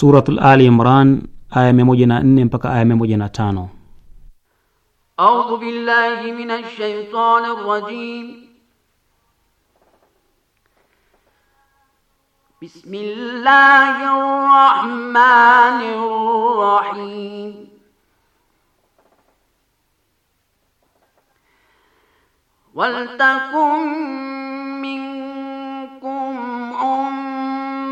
Suratul Ali Imran aya 104 mpaka aya 105. A'udhu billahi minash shaitani rrajim. Bismillahir Rahmanir Rahim. Wal takum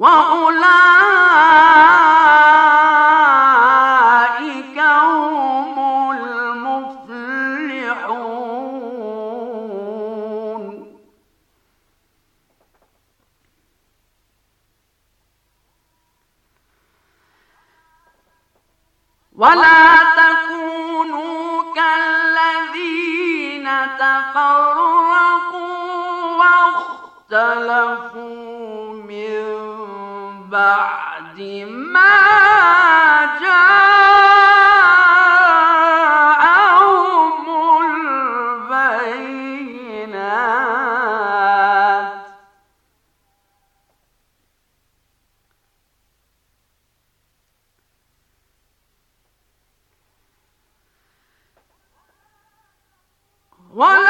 وأولئك هم المفلحون ولا تكونوا كالذين تفرقوا واختلفوا من بعد ما جاءهم البينات ولا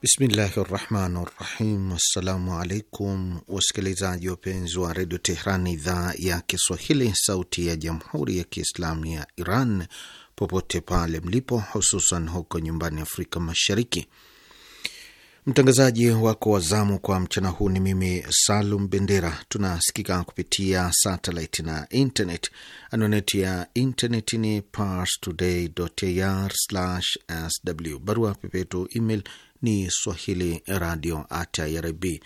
Bismillahi rahmani rahim. Assalamu alaikum wasikilizaji wapenzi wa redio Tehran, idhaa ya Kiswahili, sauti ya jamhuri ya Kiislamu ya Iran, popote pale mlipo, hususan huko nyumbani Afrika Mashariki. Mtangazaji wako wa zamu kwa mchana huu ni mimi Salum Bendera. Tunasikika kupitia satellite na internet. Anwani ya internet ni parstoday.ir/sw. Barua pepe yetu email ni swahili radio at irib ir.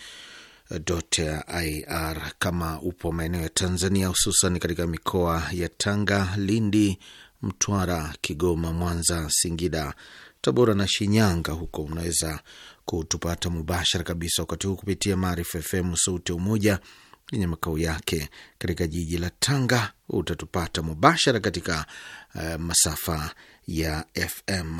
Kama upo maeneo ya Tanzania, hususan katika mikoa ya Tanga, Lindi, Mtwara, Kigoma, Mwanza, Singida, Tabora na Shinyanga, huko unaweza kutupata mubashara kabisa wakati huu kupitia Maarifa FM sauti ya Umoja yenye makao yake katika jiji la Tanga. Utatupata mubashara katika uh, masafa ya FM.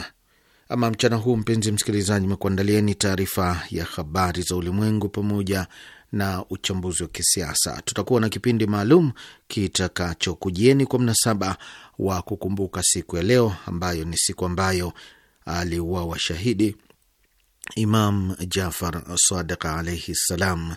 Ama mchana huu, mpenzi msikilizaji, mekuandalieni taarifa ya habari za ulimwengu pamoja na uchambuzi wa kisiasa. Tutakuwa na kipindi maalum kitakachokujieni kwa mnasaba wa kukumbuka siku ya leo, ambayo ni siku ambayo aliuawa shahidi Imam Jafar Sadiq alaihi ssalam.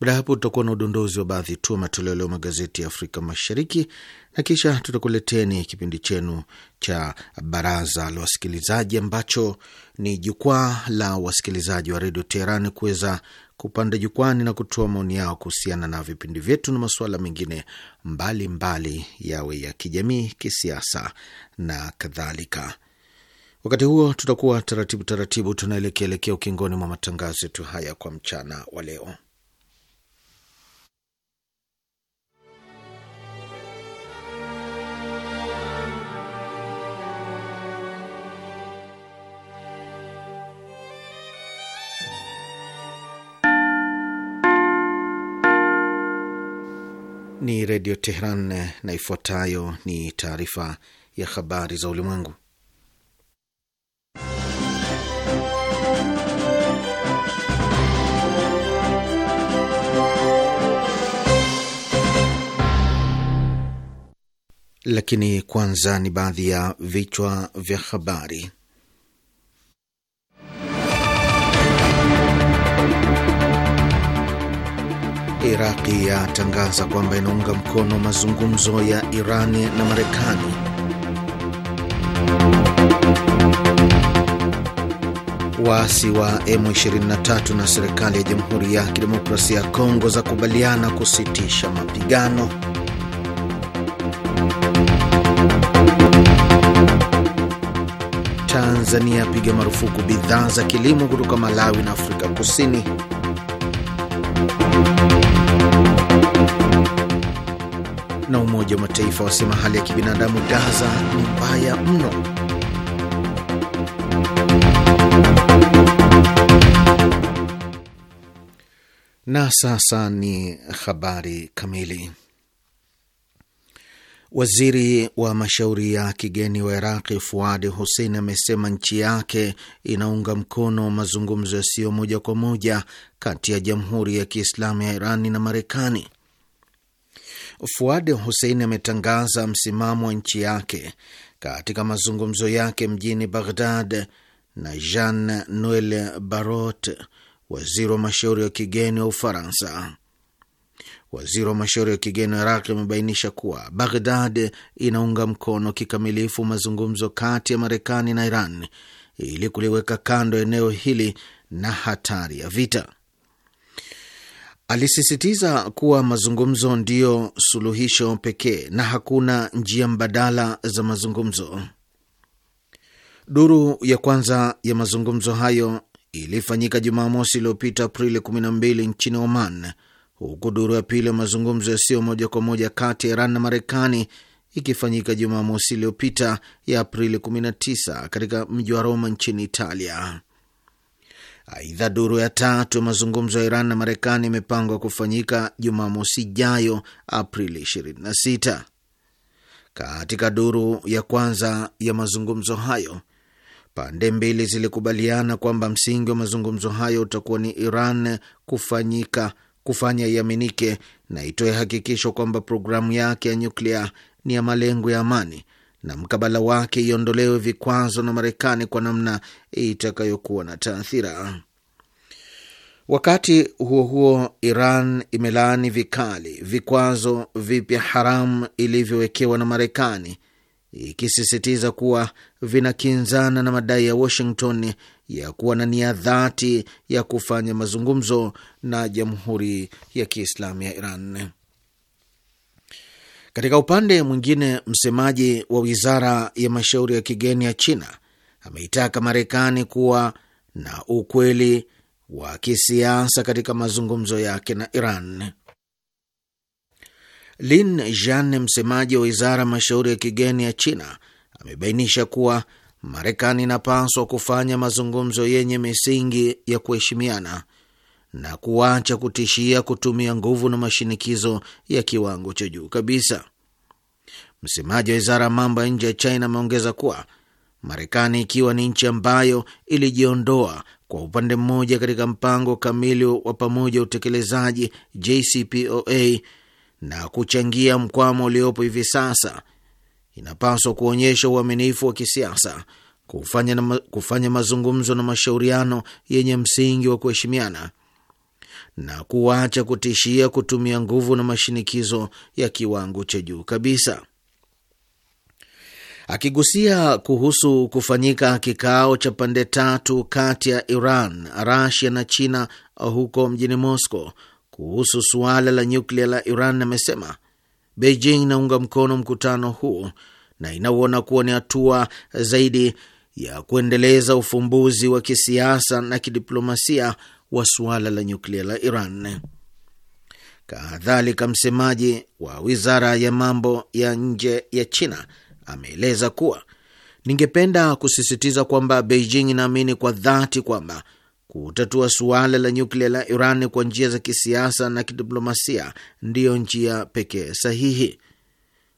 Baada ya hapo, tutakuwa na udondozi wa baadhi tu matoleo leo magazeti ya Afrika Mashariki, na kisha tutakuleteni kipindi chenu cha Baraza la Wasikilizaji, ambacho ni jukwaa la wasikilizaji wa Redio teheran kuweza kupanda jukwani na kutoa maoni yao kuhusiana na vipindi vyetu na masuala mengine mbalimbali, yawe ya kijamii, kisiasa na kadhalika. Wakati huo tutakuwa taratibu taratibu tunaelekea elekea ukingoni mwa matangazo yetu haya kwa mchana wa leo. Ni Redio teheran na ifuatayo ni taarifa ya habari za ulimwengu. lakini kwanza ni baadhi ya vichwa vya habari. Iraqi yatangaza kwamba inaunga mkono mazungumzo ya Irani na Marekani. Waasi wa M23 na serikali ya Jamhuri ya Kidemokrasia ya Kongo za kubaliana kusitisha mapigano. Tanzania apiga marufuku bidhaa za kilimo kutoka Malawi na Afrika Kusini. Na Umoja wa Mataifa wasema hali ya kibinadamu Gaza ni mbaya mno. Na sasa ni habari kamili. Waziri wa mashauri ya kigeni wa Iraqi Fuadi Hussein amesema nchi yake inaunga mkono mazungumzo yasiyo moja kwa moja kati ya Jamhuri ya Kiislamu ya Irani na Marekani. Fuadi Hussein ametangaza msimamo wa nchi yake katika mazungumzo yake mjini Baghdad na Jean Noel Barrot, waziri wa mashauri ya kigeni wa Ufaransa. Waziri wa mashauri ya kigeni wa Iraq amebainisha kuwa Baghdad inaunga mkono kikamilifu mazungumzo kati ya Marekani na Iran ili kuliweka kando eneo hili na hatari ya vita. Alisisitiza kuwa mazungumzo ndiyo suluhisho pekee na hakuna njia mbadala za mazungumzo. Duru ya kwanza ya mazungumzo hayo ilifanyika Jumamosi iliyopita Aprili 12 nchini Oman huku duru ya pili ya mazungumzo yasiyo moja kwa moja kati ya Iran na Marekani ikifanyika Jumamosi iliyopita ya Aprili 19 katika mji wa Roma nchini Italia. Aidha, duru ya tatu ya mazungumzo ya Iran na Marekani imepangwa kufanyika Jumamosi ijayo Aprili 26. Katika duru ya kwanza ya mazungumzo hayo pande mbili zilikubaliana kwamba msingi wa mazungumzo hayo utakuwa ni Iran kufanyika kufanya iaminike na itoe hakikisho kwamba programu yake ya nyuklia ni ya malengo ya amani na mkabala wake iondolewe vikwazo na Marekani kwa namna itakayokuwa na taathira. Wakati huo huo, Iran imelaani vikali vikwazo vipya haramu ilivyowekewa na Marekani, ikisisitiza kuwa vinakinzana na madai ya Washington ya kuwa na nia dhati ya kufanya mazungumzo na Jamhuri ya Kiislamu ya Iran. Katika upande mwingine, msemaji wa wizara ya mashauri ya kigeni ya China ameitaka Marekani kuwa na ukweli wa kisiasa katika mazungumzo yake na Iran. Lin Jian, msemaji wa wizara ya mashauri ya kigeni ya China, amebainisha kuwa Marekani inapaswa kufanya mazungumzo yenye misingi ya kuheshimiana na kuacha kutishia kutumia nguvu na mashinikizo ya kiwango cha juu kabisa. Msemaji wa wizara ya mambo ya nje ya China ameongeza kuwa Marekani, ikiwa ni nchi ambayo ilijiondoa kwa upande mmoja katika mpango kamili wa pamoja wa utekelezaji JCPOA na kuchangia mkwamo uliopo hivi sasa inapaswa kuonyesha uaminifu wa kisiasa, kufanya, na, kufanya mazungumzo na mashauriano yenye msingi wa kuheshimiana na kuacha kutishia kutumia nguvu na mashinikizo ya kiwango cha juu kabisa. Akigusia kuhusu kufanyika kikao cha pande tatu kati ya Iran, Rasia na China huko mjini Moscow kuhusu suala la nyuklia la Iran, amesema Beijing inaunga mkono mkutano huu na inauona kuwa ni hatua zaidi ya kuendeleza ufumbuzi wa kisiasa na kidiplomasia wa suala la nyuklia la Iran. Kadhalika, msemaji wa wizara ya mambo ya nje ya China ameeleza kuwa, ningependa kusisitiza kwamba Beijing inaamini kwa dhati kwamba kutatua suala la nyuklia la Iran kwa njia za kisiasa na kidiplomasia ndiyo njia pekee sahihi.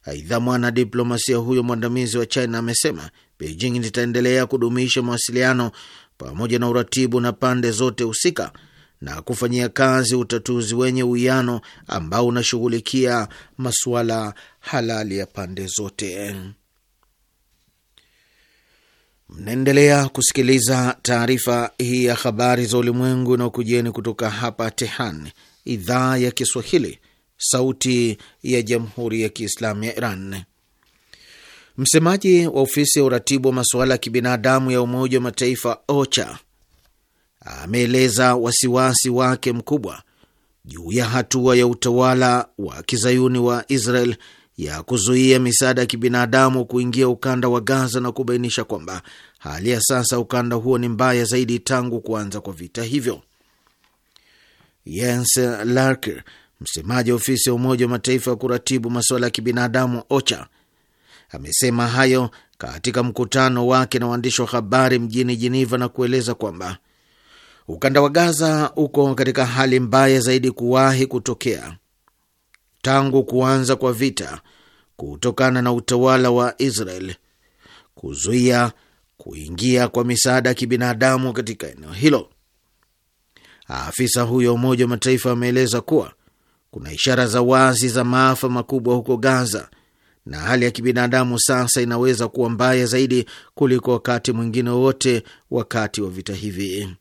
Aidha, mwanadiplomasia huyo mwandamizi wa China amesema Beijing litaendelea kudumisha mawasiliano pamoja na uratibu na pande zote husika na kufanyia kazi utatuzi wenye uwiano ambao unashughulikia masuala halali ya pande zote. Mnaendelea kusikiliza taarifa hii ya habari za ulimwengu na ukujieni kutoka hapa Tehran, idhaa ya Kiswahili, sauti ya jamhuri ya kiislamu ya Iran. Msemaji wa ofisi ya uratibu wa masuala ya kibinadamu ya Umoja wa Mataifa, OCHA, ameeleza wasiwasi wake mkubwa juu ya hatua ya utawala wa kizayuni wa Israel ya kuzuia misaada ya kibinadamu kuingia ukanda wa Gaza na kubainisha kwamba hali ya sasa ukanda huo ni mbaya zaidi tangu kuanza kwa vita hivyo. Jens Larke, msemaji wa ofisi ya Umoja wa Mataifa ya kuratibu masuala ya kibinadamu OCHA, amesema hayo katika mkutano wake na waandishi wa habari mjini Jeneva na kueleza kwamba ukanda wa Gaza uko katika hali mbaya zaidi kuwahi kutokea tangu kuanza kwa vita kutokana na utawala wa Israel kuzuia kuingia kwa misaada ya kibinadamu katika eneo hilo. Afisa huyo Umoja wa Mataifa ameeleza kuwa kuna ishara za wazi za maafa makubwa huko Gaza na hali ya kibinadamu sasa inaweza kuwa mbaya zaidi kuliko wakati mwingine wowote wakati wa vita hivi.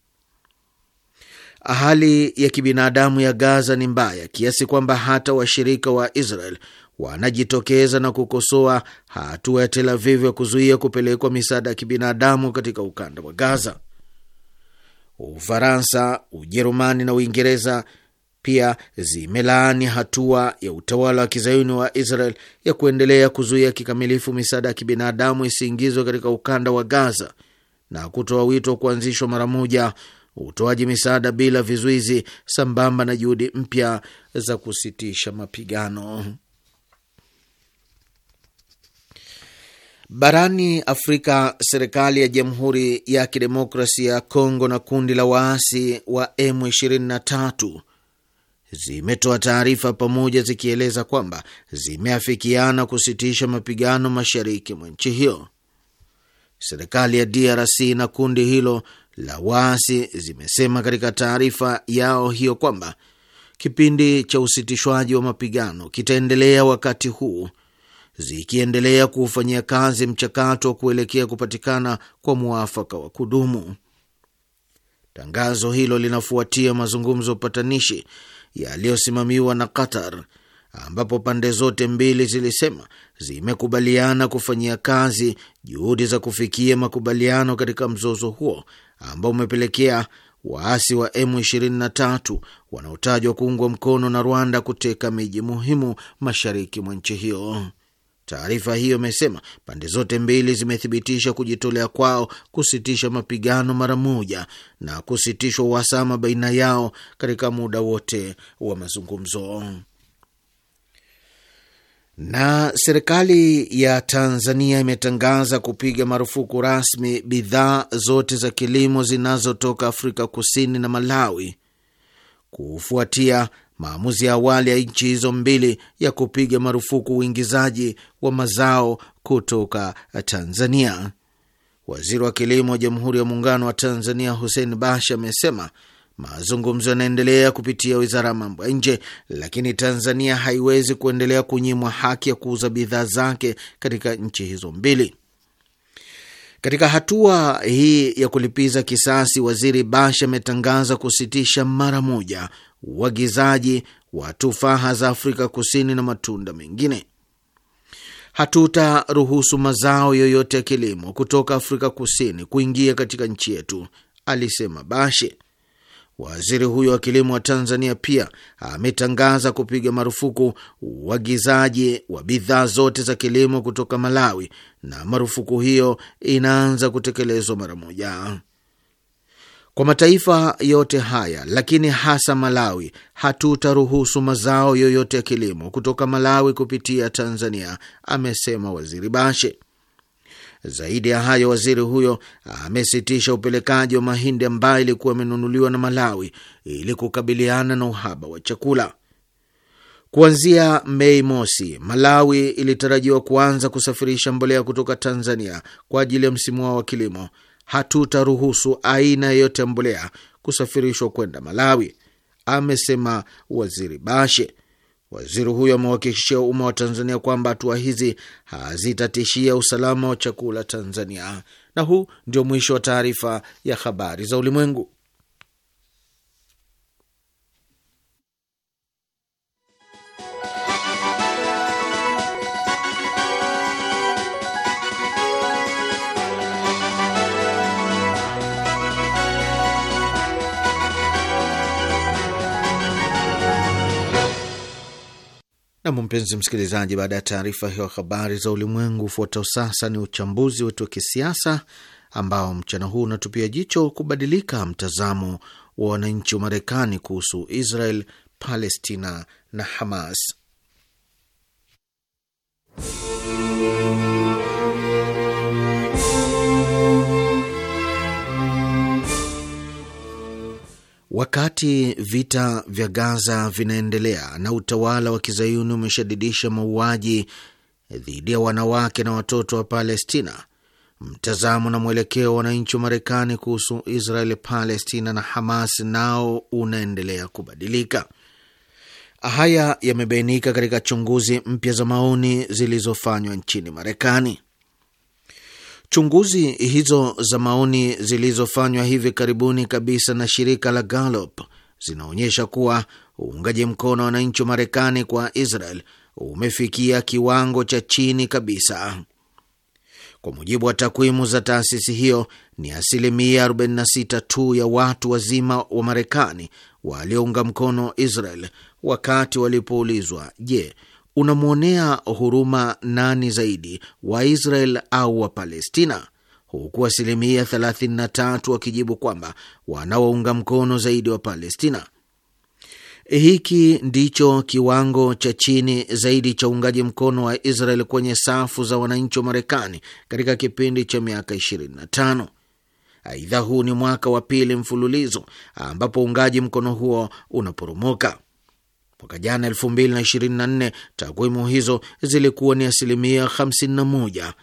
Hali ya kibinadamu ya Gaza ni mbaya kiasi kwamba hata washirika wa Israel wanajitokeza na kukosoa hatua ya Tel Aviv ya kuzuia kupelekwa misaada ya kibinadamu katika ukanda wa Gaza. Ufaransa, Ujerumani na Uingereza pia zimelaani hatua ya utawala wa kizayuni wa Israel ya kuendelea kuzuia kikamilifu misaada ya kibinadamu isiingizwe katika ukanda wa Gaza na kutoa wito wa kuanzishwa mara moja utoaji misaada bila vizuizi, sambamba na juhudi mpya za kusitisha mapigano. Barani Afrika, serikali ya Jamhuri ya Kidemokrasia ya Kongo na kundi la waasi wa M23 zimetoa taarifa pamoja zikieleza kwamba zimeafikiana kusitisha mapigano mashariki mwa nchi hiyo. Serikali ya DRC na kundi hilo la waasi zimesema katika taarifa yao hiyo kwamba kipindi cha usitishwaji wa mapigano kitaendelea wakati huu zikiendelea kuufanyia kazi mchakato wa kuelekea kupatikana kwa mwafaka wa kudumu. Tangazo hilo linafuatia mazungumzo ya upatanishi yaliyosimamiwa na Qatar ambapo pande zote mbili zilisema zimekubaliana kufanyia kazi juhudi za kufikia makubaliano katika mzozo huo ambao umepelekea waasi wa M23 wanaotajwa kuungwa mkono na Rwanda kuteka miji muhimu mashariki mwa nchi hiyo. Taarifa hiyo imesema pande zote mbili zimethibitisha kujitolea kwao kusitisha mapigano mara moja na kusitishwa uhasama baina yao katika muda wote wa mazungumzo. Na serikali ya Tanzania imetangaza kupiga marufuku rasmi bidhaa zote za kilimo zinazotoka Afrika Kusini na Malawi kufuatia maamuzi ya awali ya nchi hizo mbili ya kupiga marufuku uingizaji wa mazao kutoka Tanzania. Waziri wa Kilimo wa Jamhuri ya Muungano wa Tanzania Hussein Bashe amesema Mazungumzo yanaendelea kupitia wizara ya mambo ya nje, lakini Tanzania haiwezi kuendelea kunyimwa haki ya kuuza bidhaa zake katika nchi hizo mbili. Katika hatua hii ya kulipiza kisasi, waziri Bashe ametangaza kusitisha mara moja uagizaji wa tufaha za Afrika Kusini na matunda mengine. Hatutaruhusu mazao yoyote ya kilimo kutoka Afrika Kusini kuingia katika nchi yetu, alisema Bashe. Waziri huyo wa kilimo wa Tanzania pia ametangaza kupiga marufuku uagizaji wa bidhaa zote za kilimo kutoka Malawi, na marufuku hiyo inaanza kutekelezwa mara moja kwa mataifa yote haya, lakini hasa Malawi. Hatutaruhusu mazao yoyote ya kilimo kutoka Malawi kupitia Tanzania, amesema Waziri Bashe. Zaidi ya hayo, waziri huyo amesitisha upelekaji wa mahindi ambayo ilikuwa imenunuliwa na Malawi ili kukabiliana na uhaba wa chakula. Kuanzia Mei mosi, Malawi ilitarajiwa kuanza kusafirisha mbolea kutoka Tanzania kwa ajili ya msimu wao wa kilimo. Hatutaruhusu aina yeyote ya mbolea kusafirishwa kwenda Malawi, amesema waziri Bashe. Waziri huyo amewahakikishia umma wa Tanzania kwamba hatua hizi hazitatishia usalama wa chakula Tanzania. Na huu ndio mwisho wa taarifa ya habari za ulimwengu. Nam, mpenzi msikilizaji, baada ya taarifa hiyo habari za ulimwengu, ufuatao sasa ni uchambuzi wetu wa kisiasa ambao mchana huu unatupia jicho kubadilika mtazamo wa wananchi wa Marekani kuhusu Israel, Palestina na Hamas. Wakati vita vya Gaza vinaendelea na utawala wa kizayuni umeshadidisha mauaji dhidi ya wanawake na watoto wa Palestina, mtazamo na mwelekeo wa wananchi wa Marekani kuhusu Israel, Palestina na Hamas nao unaendelea kubadilika. Haya yamebainika katika chunguzi mpya za maoni zilizofanywa nchini Marekani. Chunguzi hizo za maoni zilizofanywa hivi karibuni kabisa na shirika la Gallup zinaonyesha kuwa uungaji mkono wa wananchi wa Marekani kwa Israel umefikia kiwango cha chini kabisa. Kwa mujibu wa takwimu za taasisi hiyo, ni asilimia 46 tu ya watu wazima wa Marekani waliounga mkono Israel wakati walipoulizwa, je, unamwonea huruma nani zaidi, Waisrael au Wapalestina? Huku asilimia 33 wakijibu kwamba wanaounga mkono zaidi wa Palestina. Hiki ndicho kiwango cha chini zaidi cha uungaji mkono wa Israel kwenye safu za wananchi wa Marekani katika kipindi cha miaka 25. Aidha, huu ni mwaka wa pili mfululizo ambapo uungaji mkono huo unaporomoka. Mwaka jana 2024 takwimu hizo zilikuwa ni asilimia 51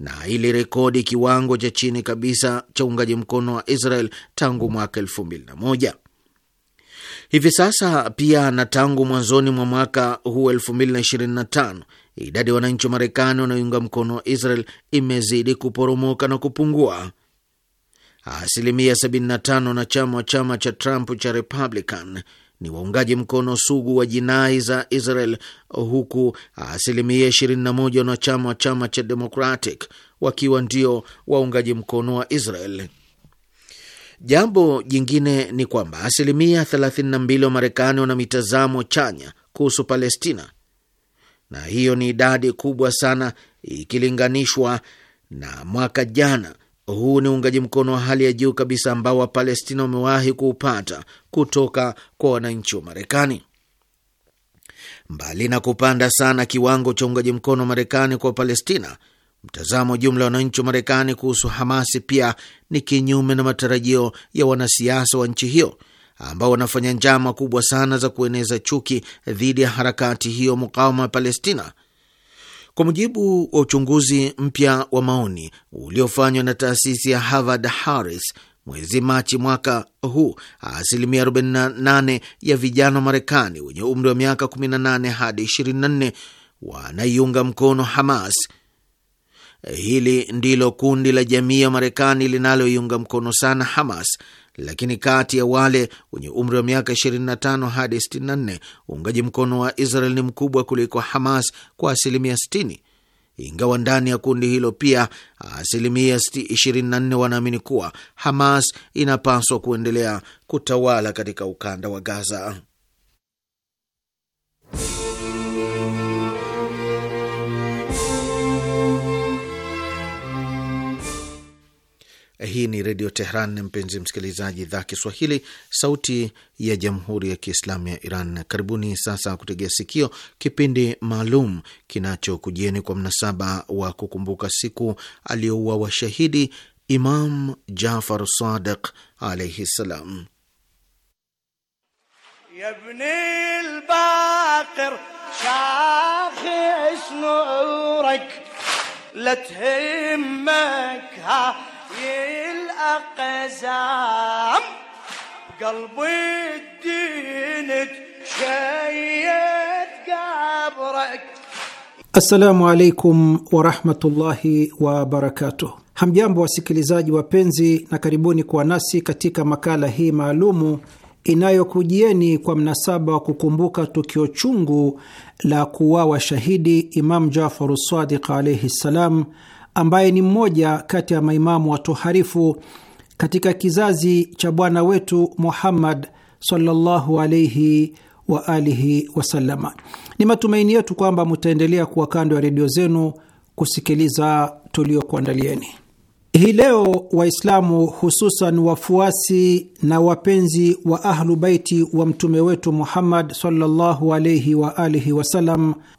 na ili rekodi kiwango cha chini kabisa cha uungaji mkono wa Israel tangu mwaka 2001. Hivi sasa pia na tangu mwanzoni mwa mwaka huu 2025 idadi ya wananchi wa Marekani wanaoiunga mkono wa Israel imezidi kuporomoka na kupungua. Asilimia 75 chama wa chama cha Trump cha Republican ni waungaji mkono sugu wa jinai za Israel, huku asilimia 21 wanachama wa chama cha Democratic wakiwa ndio waungaji mkono wa Israel. Jambo jingine ni kwamba asilimia 32 wa Marekani wana mitazamo chanya kuhusu Palestina, na hiyo ni idadi kubwa sana ikilinganishwa na mwaka jana huu ni uungaji mkono wa hali ya juu kabisa ambao Wapalestina wamewahi kuupata kutoka kwa wananchi wa Marekani. Mbali na kupanda sana kiwango cha uungaji mkono wa Marekani kwa Palestina, mtazamo jumla wa wananchi wa Marekani kuhusu Hamasi pia ni kinyume na matarajio ya wanasiasa wa nchi hiyo ambao wanafanya njama kubwa sana za kueneza chuki dhidi ya harakati hiyo mukawama wa Palestina kwa mujibu wa uchunguzi mpya wa maoni uliofanywa na taasisi ya Harvard Harris mwezi Machi mwaka huu, asilimia 48 ya vijana wa Marekani wenye umri wa miaka 18 hadi 24 wanaiunga mkono Hamas. Hili ndilo kundi la jamii ya Marekani linaloiunga mkono sana Hamas lakini kati ya wale wenye umri wa miaka 25 hadi 64 uungaji mkono wa Israel ni mkubwa kuliko Hamas kwa asilimia 60, ingawa ndani ya kundi hilo pia asilimia 24 wanaamini kuwa Hamas inapaswa kuendelea kutawala katika ukanda wa Gaza. Hii ni Redio Tehran, mpenzi msikilizaji, idhaa Kiswahili, sauti ya jamhuri ya kiislamu ya Iran. Karibuni sasa kutegea sikio kipindi maalum kinachokujieni kwa mnasaba wa kukumbuka siku aliyoua washahidi Imam Jafar Sadiq alaihi ssalam. زعم بقلب الدين تشيت قبرك السلام عليكم ورحمة الله وبركاته Hamjambo wasikilizaji wapenzi, na karibuni kuwa nasi katika makala hii maalumu inayokujieni kwa mnasaba wa kukumbuka tukio chungu la kuwawa shahidi Imam Jafaru Sadiq alaihi ssalam ambaye ni mmoja kati ya maimamu watoharifu katika kizazi cha bwana wetu Muhammad sallallahu alaihi wa alihi wasalama. Ni matumaini yetu kwamba mutaendelea kuwa kando ya redio zenu kusikiliza tuliokuandalieni. Hii leo Waislamu hususan wafuasi na wapenzi wa Ahlu Baiti wa mtume wetu Muhammad sallallahu alaihi wa alihi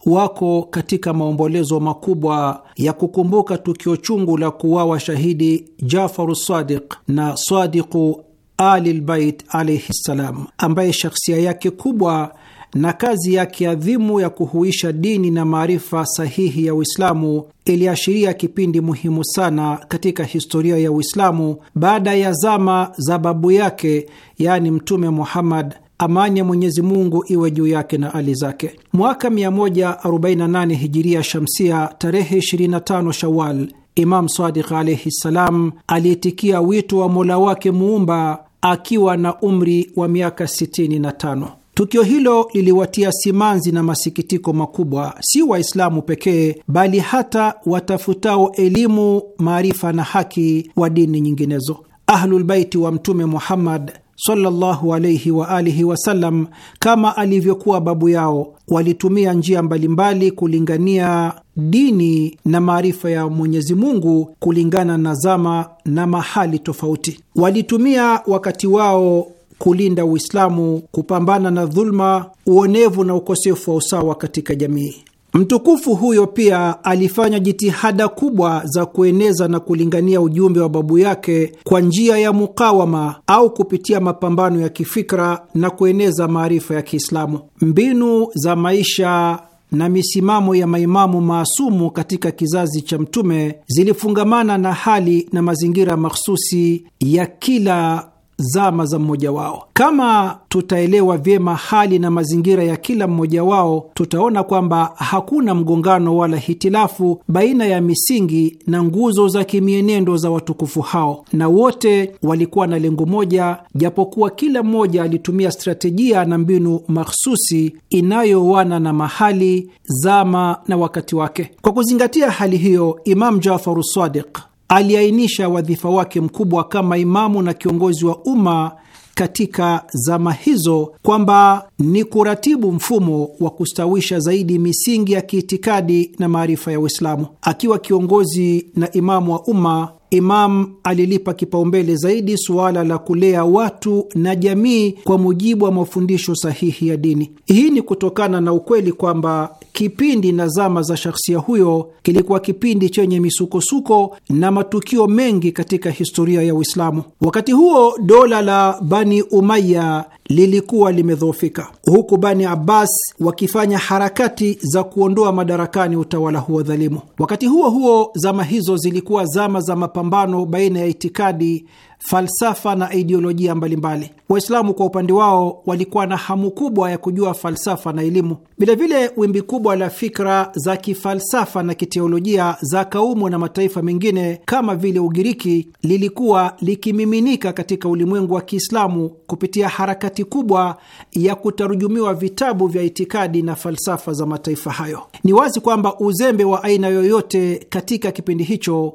wako katika maombolezo makubwa ya kukumbuka tukio chungu la kuwawa shahidi Jafaru Sadiq na Sadiqu Alilbait alaihi ssalam, ambaye shakhsia yake kubwa na kazi yake adhimu ya kuhuisha dini na maarifa sahihi ya Uislamu iliashiria kipindi muhimu sana katika historia ya Uislamu baada ya zama za babu yake, yaani Mtume Muhammad amani ya Mwenyezi Mungu iwe juu yake na ali zake. Mwaka 148 hijiria shamsia, tarehe 25 Shawal, Imam Sadiq alaihi ssalam aliitikia wito wa mola wake muumba akiwa na umri wa miaka 65. Tukio hilo liliwatia simanzi na masikitiko makubwa, si Waislamu pekee, bali hata watafutao elimu, maarifa na haki wa dini nyinginezo. Ahlulbaiti wa Mtume Muhammad sallallahu alayhi wa alihi wasallam, kama alivyokuwa babu yao, walitumia njia mbalimbali kulingania dini na maarifa ya Mwenyezi Mungu kulingana na zama na mahali tofauti. Walitumia wakati wao kulinda Uislamu, kupambana na dhuluma, uonevu na ukosefu wa usawa katika jamii. Mtukufu huyo pia alifanya jitihada kubwa za kueneza na kulingania ujumbe wa babu yake kwa njia ya mukawama au kupitia mapambano ya kifikra na kueneza maarifa ya Kiislamu. Mbinu za maisha na misimamo ya maimamu maasumu katika kizazi cha Mtume zilifungamana na hali na mazingira mahsusi ya kila zama za mmoja wao. Kama tutaelewa vyema hali na mazingira ya kila mmoja wao, tutaona kwamba hakuna mgongano wala hitilafu baina ya misingi na nguzo za kimienendo za watukufu hao, na wote walikuwa na lengo moja, japokuwa kila mmoja alitumia stratejia na mbinu mahsusi inayowana na mahali, zama na wakati wake. Kwa kuzingatia hali hiyo, Imam Jafaru Sadiq aliainisha wadhifa wake mkubwa kama imamu na kiongozi wa umma katika zama hizo kwamba ni kuratibu mfumo wa kustawisha zaidi misingi ya kiitikadi na maarifa ya Uislamu. Akiwa kiongozi na imamu wa umma, Imam alilipa kipaumbele zaidi suala la kulea watu na jamii kwa mujibu wa mafundisho sahihi ya dini. Hii ni kutokana na ukweli kwamba kipindi na zama za shakhsia huyo kilikuwa kipindi chenye misukosuko na matukio mengi katika historia ya Uislamu. Wakati huo dola la Bani Umaya lilikuwa limedhoofika, huku Bani Abbas wakifanya harakati za kuondoa madarakani utawala huo dhalimu. Wakati huo huo, zama hizo zilikuwa zama za mapambano baina ya itikadi falsafa na idiolojia mbalimbali. Waislamu kwa upande wao walikuwa na hamu kubwa ya kujua falsafa na elimu. Vilevile, wimbi kubwa la fikra za kifalsafa na kiteolojia za kaumu na mataifa mengine kama vile Ugiriki lilikuwa likimiminika katika ulimwengu wa Kiislamu kupitia harakati kubwa ya kutarujumiwa vitabu vya itikadi na falsafa za mataifa hayo. Ni wazi kwamba uzembe wa aina yoyote katika kipindi hicho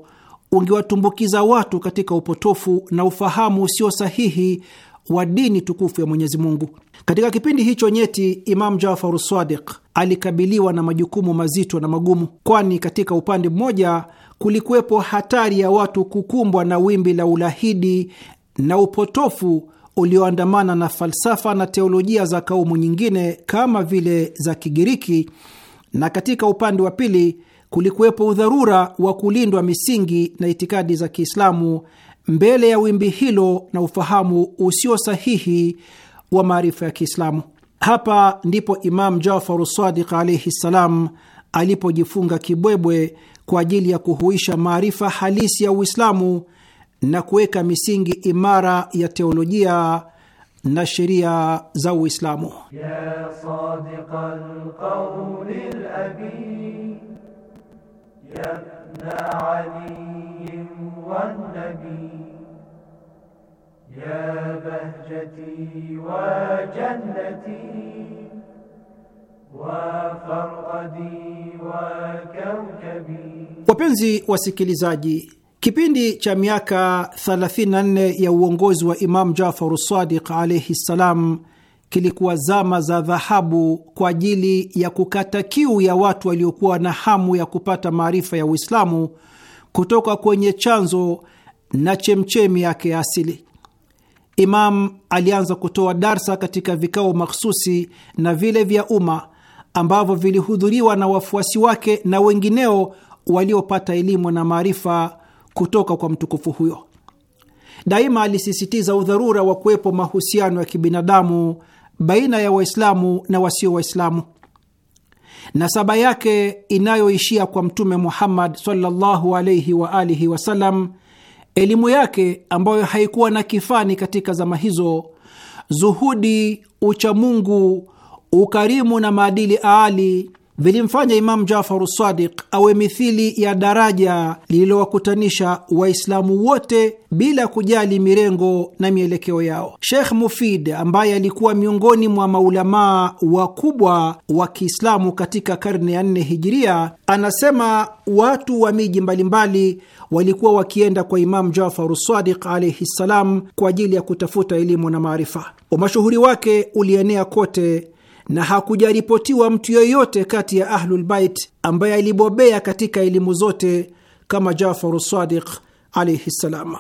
ungewatumbukiza watu katika upotofu na ufahamu usio sahihi wa dini tukufu ya Mwenyezi Mungu. Katika kipindi hicho nyeti, Imamu Jafaru Sadiq alikabiliwa na majukumu mazito na magumu, kwani katika upande mmoja kulikuwepo hatari ya watu kukumbwa na wimbi la ulahidi na upotofu ulioandamana na falsafa na teolojia za kaumu nyingine kama vile za Kigiriki, na katika upande wa pili kulikuwepo udharura wa kulindwa misingi na itikadi za Kiislamu mbele ya wimbi hilo na ufahamu usio sahihi wa maarifa ya Kiislamu. Hapa ndipo Imam Jafaru Sadiq alaihi ssalam alipojifunga kibwebwe kwa ajili ya kuhuisha maarifa halisi ya Uislamu na kuweka misingi imara ya teolojia na sheria za Uislamu ya يا ابن wapenzi wasikilizaji Kipindi cha miaka 34 ya uongozi wa Imam Jafaru Sadiq alaihi ssalam kilikuwa zama za dhahabu kwa ajili ya kukata kiu ya watu waliokuwa na hamu ya kupata maarifa ya Uislamu kutoka kwenye chanzo na chemchemi yake ya asili. Imam alianza kutoa darsa katika vikao makhususi na vile vya umma ambavyo vilihudhuriwa na wafuasi wake na wengineo waliopata elimu na maarifa kutoka kwa mtukufu huyo. Daima alisisitiza udharura wa kuwepo mahusiano ya kibinadamu baina ya Waislamu na wasio Waislamu. Nasaba yake inayoishia kwa Mtume Muhammad sallallahu alaihi wa alihi wasallam, elimu yake ambayo haikuwa na kifani katika zama hizo, zuhudi, uchamungu, ukarimu na maadili aali vilimfanya Imamu Jafaru Sadiq awe mithili ya daraja lililowakutanisha Waislamu wote bila kujali mirengo na mielekeo yao. Sheikh Mufid ambaye alikuwa miongoni mwa maulamaa wakubwa wa Kiislamu katika karne ya nne hijiria, anasema watu wa miji mbalimbali walikuwa wakienda kwa Imamu Jafaru Sadiq alaihi ssalam kwa ajili ya kutafuta elimu na maarifa. Umashuhuri wake ulienea kote na hakujaripotiwa mtu yoyote kati ya Ahlulbait ambaye alibobea katika elimu zote kama Jafaru Sadiq alaihi ssalam.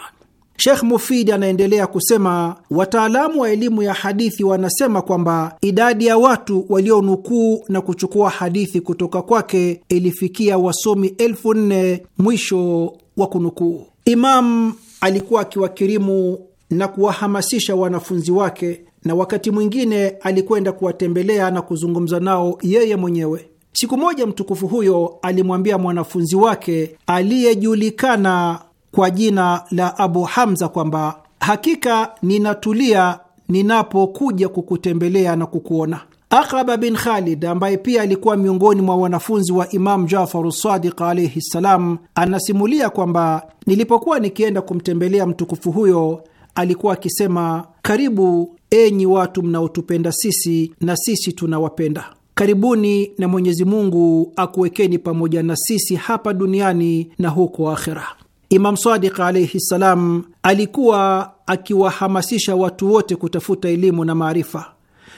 Shekh Mufidi anaendelea kusema, wataalamu wa elimu ya hadithi wanasema kwamba idadi ya watu walionukuu na kuchukua hadithi kutoka kwake ilifikia wasomi elfu nne mwisho wa kunukuu. Imam alikuwa akiwakirimu na kuwahamasisha wanafunzi wake na wakati mwingine alikwenda kuwatembelea na kuzungumza nao yeye mwenyewe. Siku moja mtukufu huyo alimwambia mwanafunzi wake aliyejulikana kwa jina la Abu Hamza kwamba hakika ninatulia ninapokuja kukutembelea na kukuona. Aqraba bin Khalid ambaye pia alikuwa miongoni mwa wanafunzi wa Imamu Jafaru Sadiq alaihi ssalam, anasimulia kwamba nilipokuwa nikienda kumtembelea mtukufu huyo alikuwa akisema, karibu enyi watu mnaotupenda sisi na sisi tunawapenda. Karibuni na Mwenyezi Mungu akuwekeni pamoja na sisi hapa duniani na huko akhera. Imam Sadiq alaihi ssalam alikuwa akiwahamasisha watu wote kutafuta elimu na maarifa,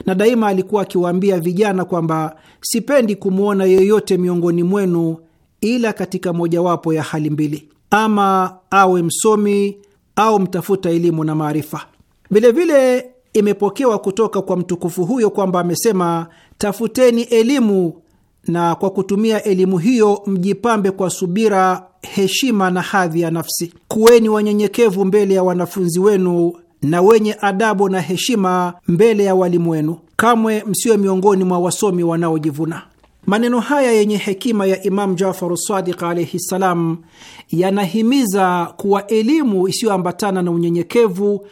na daima alikuwa akiwaambia vijana kwamba sipendi kumwona yeyote miongoni mwenu ila katika mojawapo ya hali mbili, ama awe msomi au mtafuta elimu na maarifa. Vilevile imepokewa kutoka kwa mtukufu huyo kwamba amesema, tafuteni elimu na kwa kutumia elimu hiyo mjipambe kwa subira, heshima na hadhi ya nafsi. Kuweni wanyenyekevu mbele ya wanafunzi wenu na wenye adabu na heshima mbele ya walimu wenu. Kamwe msiwe miongoni mwa wasomi wanaojivuna. Maneno haya yenye hekima ya Imamu Jafaru Sadiq alaihi ssalam yanahimiza kuwa elimu isiyoambatana na unyenyekevu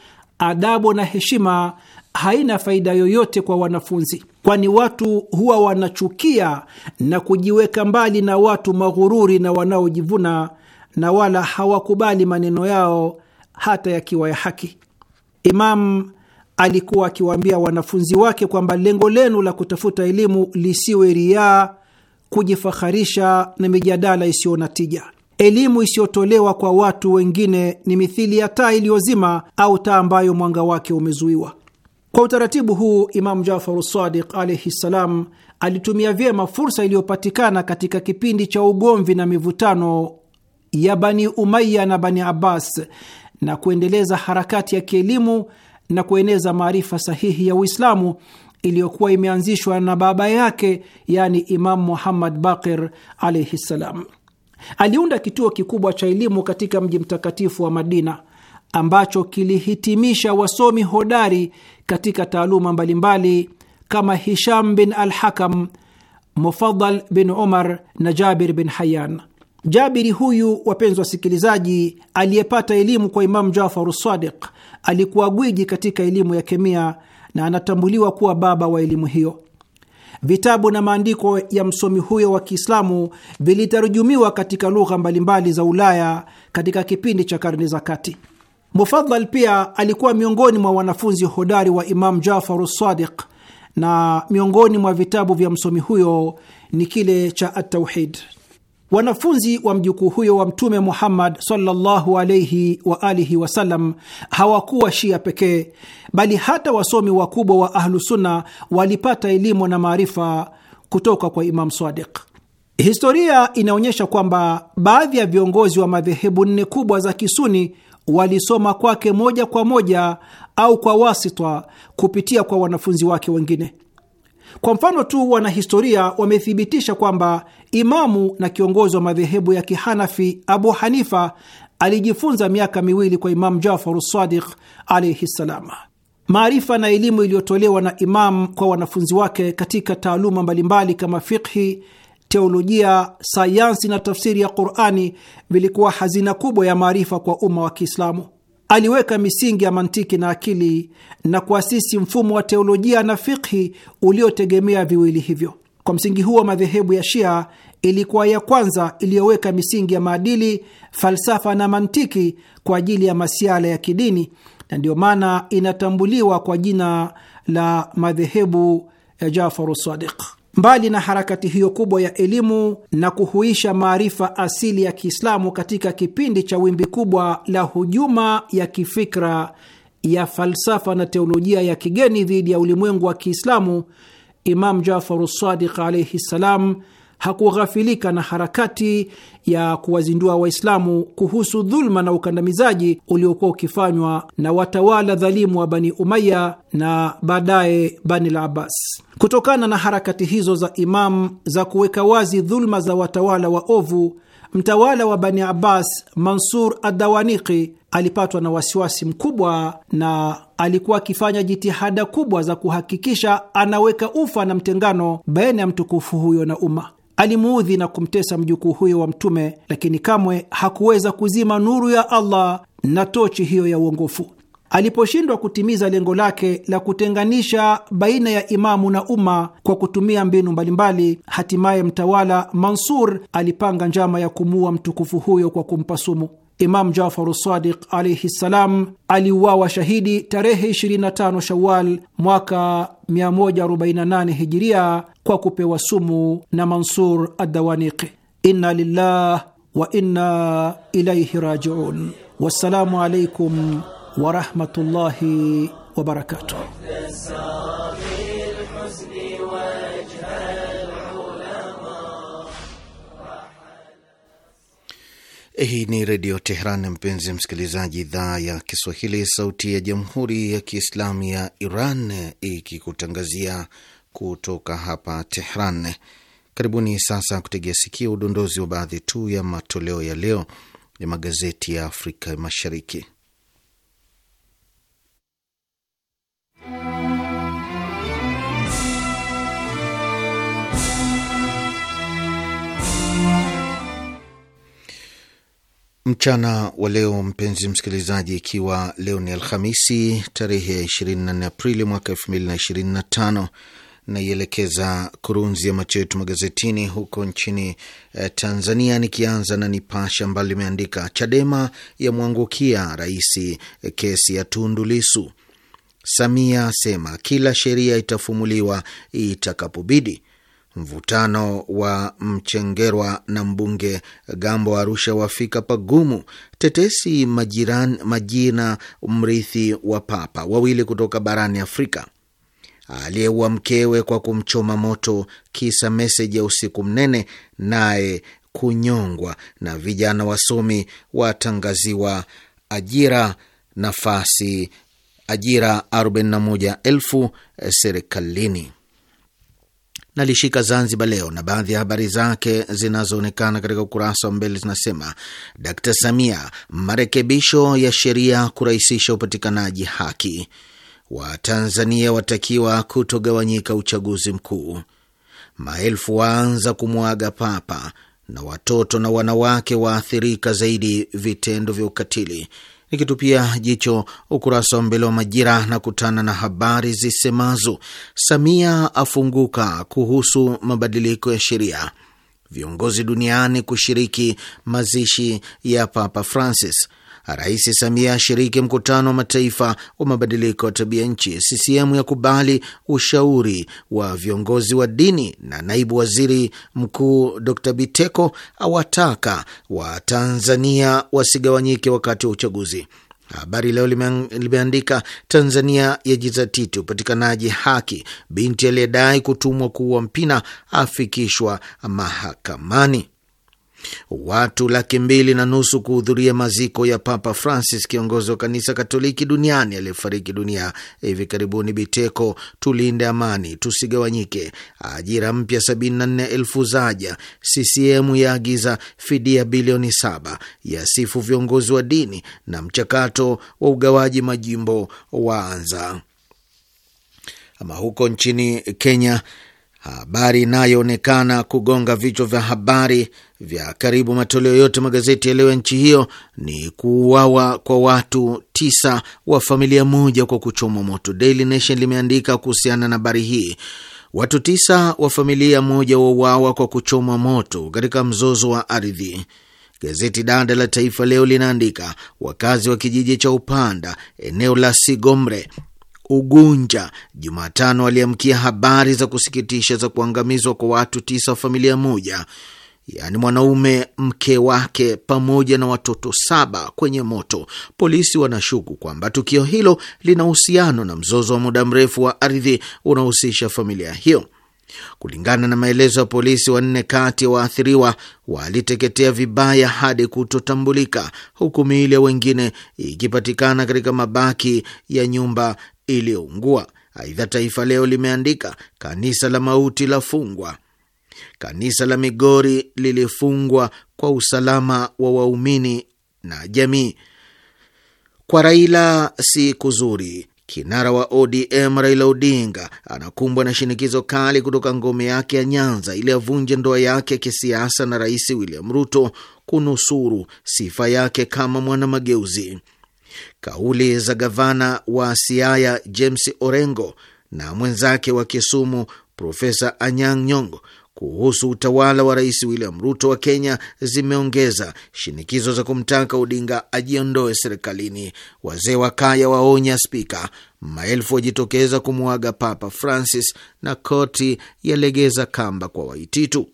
adabu na heshima haina faida yoyote kwa wanafunzi, kwani watu huwa wanachukia na kujiweka mbali na watu maghururi na wanaojivuna, na wala hawakubali maneno yao hata yakiwa ya haki. Imam alikuwa akiwaambia wanafunzi wake kwamba lengo lenu la kutafuta elimu lisiwe riaa, kujifaharisha na mijadala isiyo na tija. Elimu isiyotolewa kwa watu wengine ni mithili ya taa iliyozima au taa ambayo mwanga wake umezuiwa. Kwa utaratibu huu, Imamu Jafaru Sadiq alaihi ssalam alitumia vyema fursa iliyopatikana katika kipindi cha ugomvi na mivutano ya Bani Umaya na Bani Abbas na kuendeleza harakati ya kielimu na kueneza maarifa sahihi ya Uislamu iliyokuwa imeanzishwa na baba yake, yani Imamu Muhammad Baqir alaihi ssalam. Aliunda kituo kikubwa cha elimu katika mji mtakatifu wa Madina ambacho kilihitimisha wasomi hodari katika taaluma mbalimbali kama Hisham bin al-Hakam, Mufadal bin Umar na Jabir bin Hayyan. Jabiri huyu, wapenzi wasikilizaji, aliyepata elimu kwa Imamu Jafaru Sadiq, alikuwa gwiji katika elimu ya kemia na anatambuliwa kuwa baba wa elimu hiyo. Vitabu na maandiko ya msomi huyo wa Kiislamu vilitarujumiwa katika lugha mbalimbali za Ulaya katika kipindi cha karne za kati. Mufadhal pia alikuwa miongoni mwa wanafunzi hodari wa Imam Jafaru Sadiq, na miongoni mwa vitabu vya msomi huyo ni kile cha Atauhid. Wanafunzi wa mjukuu huyo wa Mtume Muhammad sallallahu alaihi wa alihi wasallam hawakuwa Shia pekee, bali hata wasomi wakubwa wa Ahlusunna walipata elimu na maarifa kutoka kwa Imam Sadiq. Historia inaonyesha kwamba baadhi ya viongozi wa madhehebu nne kubwa za Kisuni walisoma kwake moja kwa moja au kwa wasita kupitia kwa wanafunzi wake wengine. Kwa mfano tu, wanahistoria wamethibitisha kwamba imamu na kiongozi wa madhehebu ya kihanafi Abu Hanifa alijifunza miaka miwili kwa Imamu Jafaru Sadiq alaihi ssalam. Maarifa na elimu iliyotolewa na imamu kwa wanafunzi wake katika taaluma mbalimbali kama fikhi, teolojia, sayansi na tafsiri ya Qurani vilikuwa hazina kubwa ya maarifa kwa umma wa Kiislamu aliweka misingi ya mantiki na akili na kuasisi mfumo wa teolojia na fikhi uliotegemea viwili hivyo. Kwa msingi huo, madhehebu ya Shia ilikuwa ya kwanza iliyoweka misingi ya maadili, falsafa na mantiki kwa ajili ya masiala ya kidini, na ndiyo maana inatambuliwa kwa jina la madhehebu ya Jafaru Sadiq. Mbali na harakati hiyo kubwa ya elimu na kuhuisha maarifa asili ya Kiislamu katika kipindi cha wimbi kubwa la hujuma ya kifikra ya falsafa na teolojia ya kigeni dhidi ya ulimwengu wa Kiislamu, Imam Jafaru Sadiq alaihi ssalam hakughafilika na harakati ya kuwazindua Waislamu kuhusu dhuluma na ukandamizaji uliokuwa ukifanywa na watawala dhalimu wa Bani Umaya na baadaye Bani la Abbas. Kutokana na harakati hizo za Imam za kuweka wazi dhuluma za watawala wa ovu mtawala wa Bani Abbas Mansur Adawaniki alipatwa na wasiwasi mkubwa na alikuwa akifanya jitihada kubwa za kuhakikisha anaweka ufa na mtengano baina ya mtukufu huyo na umma alimuudhi na kumtesa mjukuu huyo wa Mtume, lakini kamwe hakuweza kuzima nuru ya Allah na tochi hiyo ya uongofu. Aliposhindwa kutimiza lengo lake la kutenganisha baina ya imamu na umma kwa kutumia mbinu mbalimbali, hatimaye mtawala Mansur alipanga njama ya kumuua mtukufu huyo kwa kumpa sumu. Imam Jafaru Sadiq alaihi ssalam aliuawa shahidi tarehe 25 Shawal mwaka 148 hijiria kwa kupewa sumu na Mansur Adawaniqi. Inna lillah wa inna ilaihi rajiun. Wassalamu alaikum warahmatullahi wabarakatuh. Hii ni Redio Teheran, mpenzi msikilizaji, idhaa ya Kiswahili, sauti ya jamhuri ya kiislamu ya Iran ikikutangazia kutoka hapa Tehran. Karibuni sasa kutegea sikia udondozi wa baadhi tu ya matoleo ya leo ya magazeti ya Afrika Mashariki. mchana wa leo, mpenzi msikilizaji, ikiwa leo ni Alhamisi tarehe ya 24 Aprili mwaka 2025 naielekeza kurunzi ya macho yetu magazetini huko nchini eh, Tanzania, nikianza na Nipasha ambalo limeandika Chadema yamwangukia rais eh, kesi ya Tundu Lisu, Samia asema kila sheria itafumuliwa itakapobidi Mvutano wa Mchengerwa na mbunge Gambo wa Arusha wafika pagumu. Tetesi majiran, majina mrithi wa papa wawili kutoka barani Afrika aliyeua mkewe kwa kumchoma moto kisa meseji ya usiku mnene, naye kunyongwa, na vijana wasomi watangaziwa ajira nafasi ajira 41,000 serikalini nalishika Zanzibar Leo, na baadhi ya habari zake zinazoonekana katika ukurasa wa mbele zinasema: Dkt Samia, marekebisho ya sheria kurahisisha upatikanaji haki, Watanzania watakiwa kutogawanyika uchaguzi mkuu, maelfu waanza kumwaga Papa, na watoto na wanawake waathirika zaidi vitendo vya ukatili Nikitupia jicho ukurasa wa mbele wa Majira na kutana na habari zisemazo Samia afunguka kuhusu mabadiliko ya sheria, viongozi duniani kushiriki mazishi ya Papa Francis Rais Samia ashiriki mkutano wa mataifa wa mabadiliko ya tabia nchi. CCM ya kubali ushauri wa viongozi wa dini, na naibu waziri mkuu Dr Biteko awataka Watanzania wasigawanyike wakati wa uchaguzi. Habari Leo limeandika Tanzania yajizatiti upatikanaji haki, binti aliyedai kutumwa kuua mpina afikishwa mahakamani watu laki mbili na nusu kuhudhuria maziko ya Papa Francis, kiongozi wa kanisa Katoliki duniani aliyefariki dunia hivi karibuni. Biteko: tulinde amani, tusigawanyike. Ajira mpya 74 elfu zaja. CCM yaagiza fidia bilioni saba, yasifu viongozi wa dini, na mchakato wa ugawaji majimbo waanza. Ama huko nchini Kenya habari inayoonekana kugonga vichwa vya habari vya karibu matoleo yote magazeti ya leo ya nchi hiyo ni kuuawa kwa watu tisa wa familia moja kwa kuchomwa moto. Daily Nation limeandika kuhusiana na habari hii. Watu tisa wa familia moja wauawa kwa kuchomwa moto katika mzozo wa ardhi. Gazeti dada la Taifa Leo linaandika wakazi wa kijiji cha Upanda, eneo la Sigomre, Ugunja Jumatano aliamkia habari za kusikitisha za kuangamizwa kwa watu tisa wa familia moja, yaani mwanaume, mke wake pamoja na watoto saba kwenye moto. Polisi wanashuku kwamba tukio hilo lina uhusiano na mzozo wa muda mrefu wa ardhi unaohusisha familia hiyo. Kulingana na maelezo ya polisi, wanne kati ya waathiriwa waliteketea vibaya hadi kutotambulika, huku miili ya wengine ikipatikana katika mabaki ya nyumba iliyoungua. Aidha, Taifa Leo limeandika kanisa la mauti la fungwa Kanisa la Migori lilifungwa kwa usalama wa waumini na jamii. Kwa Raila si kuzuri. Kinara wa ODM Raila Odinga anakumbwa na shinikizo kali kutoka ngome yake ya Nyanza ili avunje ndoa yake ya kisiasa na Rais William Ruto kunusuru sifa yake kama mwanamageuzi. Kauli za gavana wa Siaya James Orengo na mwenzake wa Kisumu Profesa Anyang' Nyong'o kuhusu utawala wa Rais William Ruto wa Kenya zimeongeza shinikizo za kumtaka Odinga ajiondoe serikalini. Wazee wa kaya waonya spika. Maelfu wajitokeza kumwaga Papa Francis na koti yalegeza kamba kwa Waititu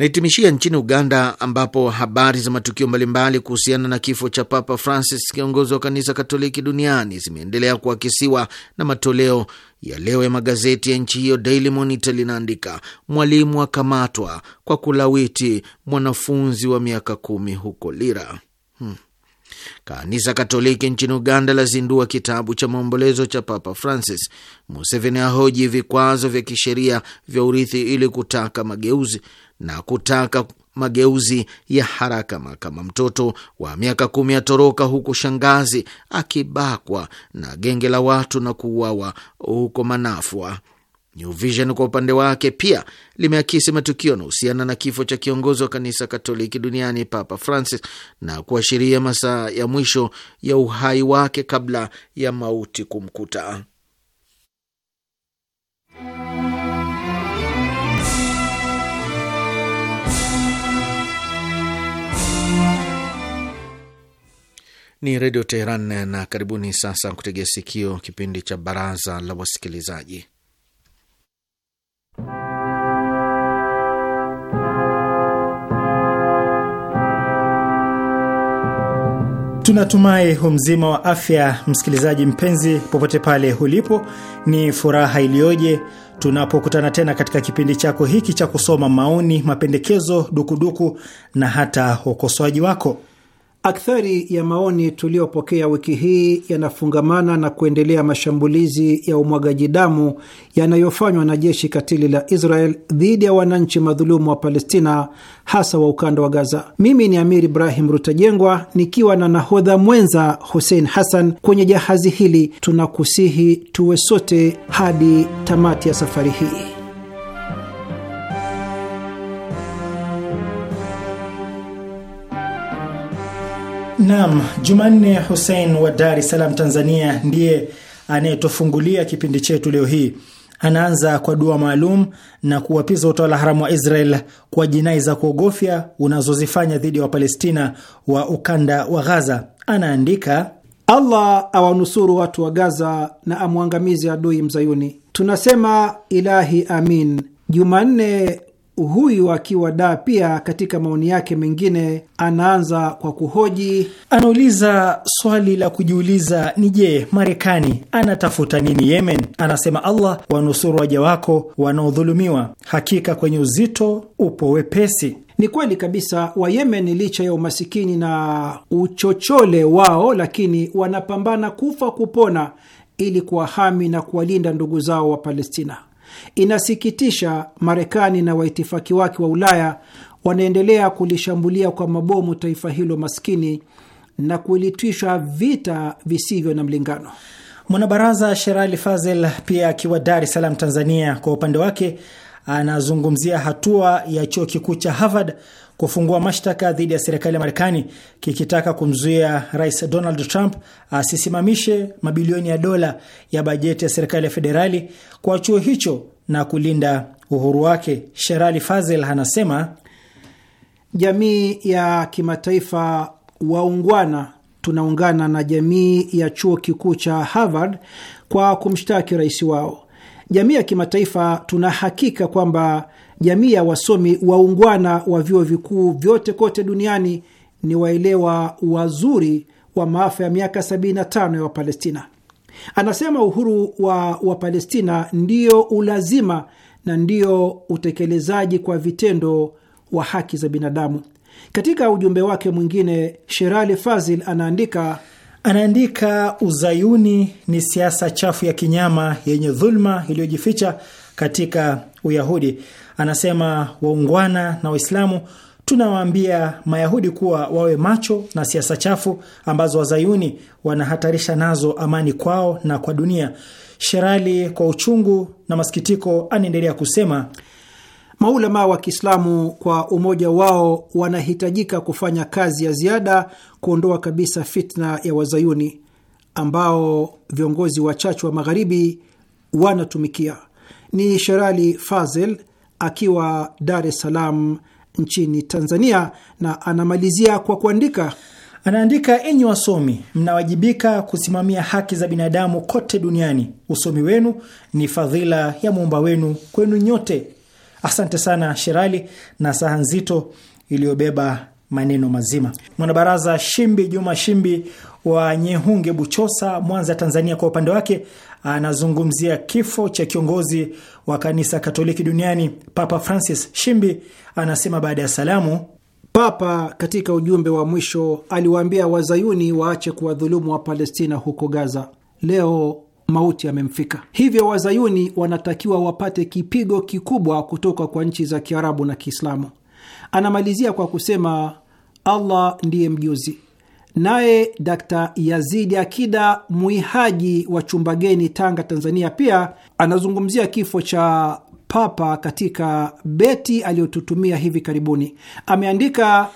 naitimishia nchini Uganda, ambapo habari za matukio mbalimbali kuhusiana na kifo cha Papa Francis, kiongozi wa kanisa Katoliki duniani, zimeendelea kuakisiwa na matoleo ya leo ya magazeti ya nchi hiyo. Daily Monitor linaandika mwalimu akamatwa kwa kulawiti mwanafunzi wa miaka kumi huko Lira. Kanisa Katoliki nchini Uganda lazindua kitabu cha maombolezo cha Papa Francis. Museveni ahoji vikwazo vya kisheria vya urithi ili kutaka mageuzi na kutaka mageuzi ya haraka mahakama. Mtoto wa miaka kumi atoroka huku shangazi akibakwa na genge la watu na kuuawa huko Manafwa. New Vision kwa upande wake pia limeakisi matukio yanahusiana na kifo cha kiongozi wa kanisa Katoliki duniani Papa Francis na kuashiria masaa ya mwisho ya uhai wake kabla ya mauti kumkuta. Ni Redio Teheran na karibuni sasa kutegea sikio kipindi cha Baraza la Wasikilizaji. Tunatumai mzima wa afya, msikilizaji mpenzi, popote pale ulipo. Ni furaha iliyoje tunapokutana tena katika kipindi chako hiki cha kusoma maoni, mapendekezo, dukuduku na hata ukosoaji wako. Akthari ya maoni tuliyopokea wiki hii yanafungamana na kuendelea mashambulizi ya umwagaji damu yanayofanywa na jeshi katili la Israel dhidi ya wananchi madhulumu wa Palestina, hasa wa ukanda wa Gaza. Mimi ni Amir Ibrahim Rutajengwa nikiwa na nahodha mwenza Hussein Hassan kwenye jahazi hili, tunakusihi tuwe sote hadi tamati ya safari hii. Naam, Jumanne Hussein wa Dar es Salaam, Tanzania, ndiye anayetufungulia kipindi chetu leo hii. Anaanza kwa dua maalum na kuwapiza utawala haramu wa Israel kwa jinai za kuogofya unazozifanya dhidi ya Wapalestina wa ukanda wa Ghaza. Anaandika, Allah awanusuru watu wa Gaza na amwangamize adui mzayuni. Tunasema ilahi amin. Jumanne Huyu akiwa da pia katika maoni yake mengine, anaanza kwa kuhoji, anauliza swali la kujiuliza ni je, Marekani anatafuta nini Yemen? Anasema, Allah wanusuru waja wako wanaodhulumiwa, hakika kwenye uzito upo wepesi. Ni kweli kabisa, Wayemeni licha ya umasikini na uchochole wao, lakini wanapambana kufa kupona ili kuwahami na kuwalinda ndugu zao wa Palestina. Inasikitisha, Marekani na waitifaki wake wa Ulaya wanaendelea kulishambulia kwa mabomu taifa hilo maskini na kulitwishwa vita visivyo na mlingano. Mwanabaraza Sherali Fazel pia akiwa Dar es Salaam, Tanzania, kwa upande wake anazungumzia hatua ya chuo kikuu cha Harvard kufungua mashtaka dhidi ya serikali ya Marekani kikitaka kumzuia Rais Donald Trump asisimamishe mabilioni ya dola ya bajeti ya serikali ya federali kwa chuo hicho na kulinda uhuru wake. Sherali Fazel anasema jamii ya kimataifa waungwana tunaungana na jamii ya chuo kikuu cha Harvard kwa kumshtaki rais wao. Jamii ya kimataifa tuna hakika kwamba jamii ya wasomi waungwana wa vyuo vikuu vyote kote duniani ni waelewa wazuri wa maafa ya miaka 75 ya Wapalestina. Anasema uhuru wa Wapalestina ndio ulazima na ndio utekelezaji kwa vitendo wa haki za binadamu. Katika ujumbe wake mwingine, Sherali Fazil anaandika anaandika uzayuni ni siasa chafu ya kinyama yenye dhuluma iliyojificha katika Uyahudi. Anasema waungwana na Waislamu tunawaambia Mayahudi kuwa wawe macho na siasa chafu ambazo wazayuni wanahatarisha nazo amani kwao na kwa dunia. Sherali kwa uchungu na masikitiko anaendelea kusema maulamaa wa Kiislamu kwa umoja wao wanahitajika kufanya kazi ya ziada kuondoa kabisa fitna ya wazayuni ambao viongozi wachache wa magharibi wanatumikia. Ni Sherali Fazel akiwa Dar es Salaam nchini Tanzania, na anamalizia kwa kuandika Anaandika, enyi wasomi, mnawajibika kusimamia haki za binadamu kote duniani. Usomi wenu ni fadhila ya muumba wenu kwenu nyote. Asante sana Sherali na saha nzito iliyobeba maneno mazima. Mwanabaraza Shimbi Juma Shimbi wa Nyehunge Buchosa, Mwanza, Tanzania, kwa upande wake anazungumzia kifo cha kiongozi wa kanisa Katoliki duniani Papa Francis. Shimbi anasema baada ya salamu, Papa katika ujumbe wa mwisho aliwaambia wazayuni waache kuwadhulumu wa Palestina huko Gaza. Leo mauti yamemfika, hivyo wazayuni wanatakiwa wapate kipigo kikubwa kutoka kwa nchi za Kiarabu na Kiislamu. Anamalizia kwa kusema Allah ndiye mjuzi Naye Dr. Yazidi Akida Mwihaji wa Chumbageni, Tanga, Tanzania, pia anazungumzia kifo cha Papa katika beti aliyotutumia hivi karibuni. Ameandika